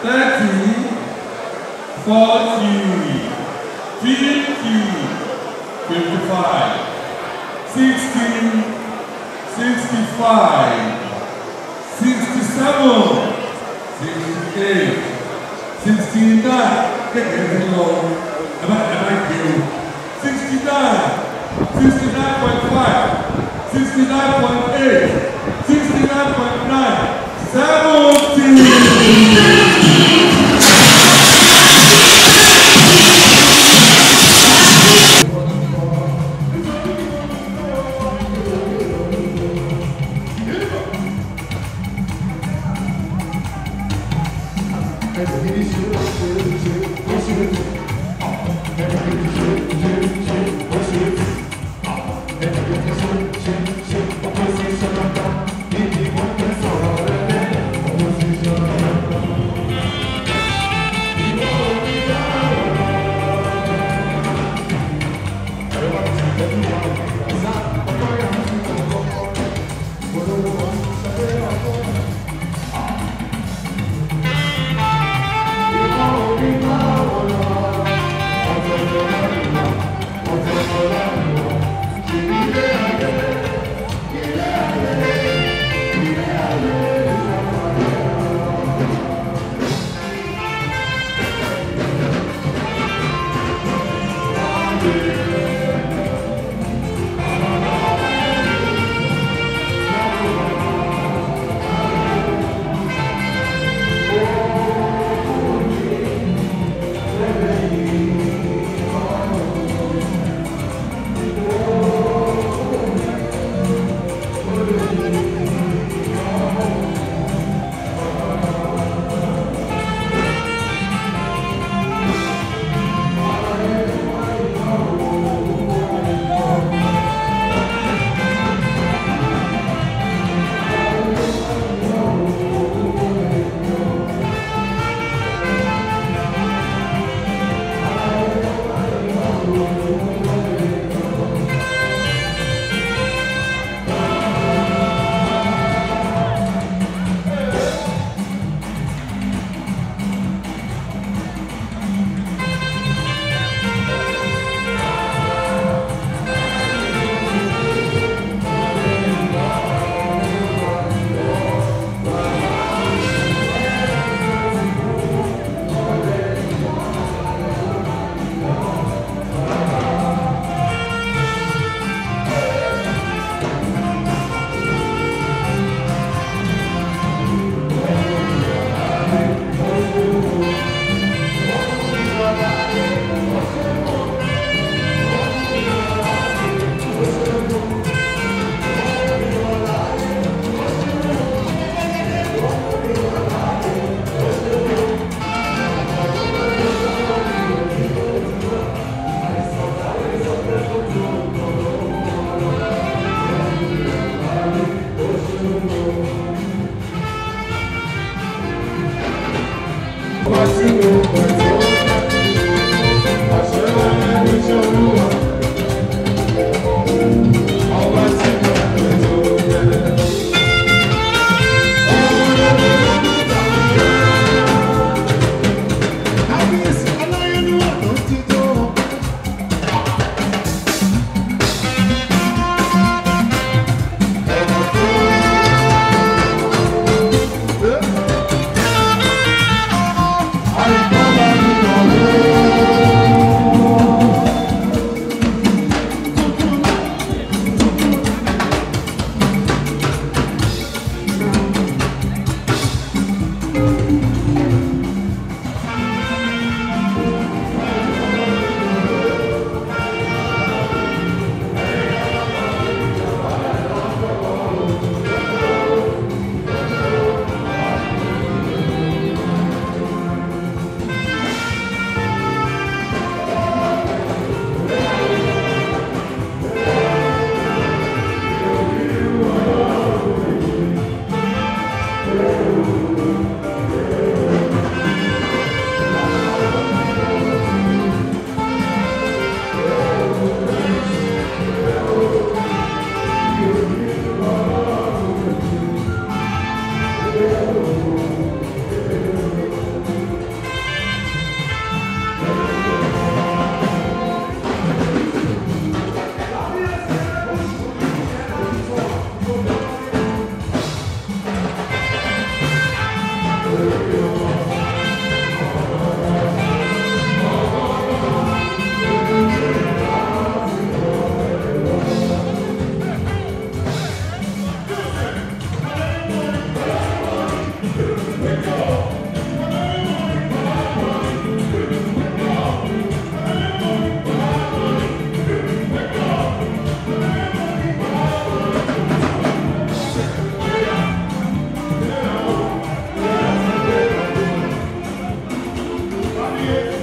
thirty forty fifty fifty-five sixty sixty-five sixty-seven sixty-eight sixty-nine kékeré ti lọ ẹ bá ẹ bá gbé o sixty-nine sixty-nine point five sixty-nine point eight sixty-nine point nine seven. Everyone, you, not Yeah.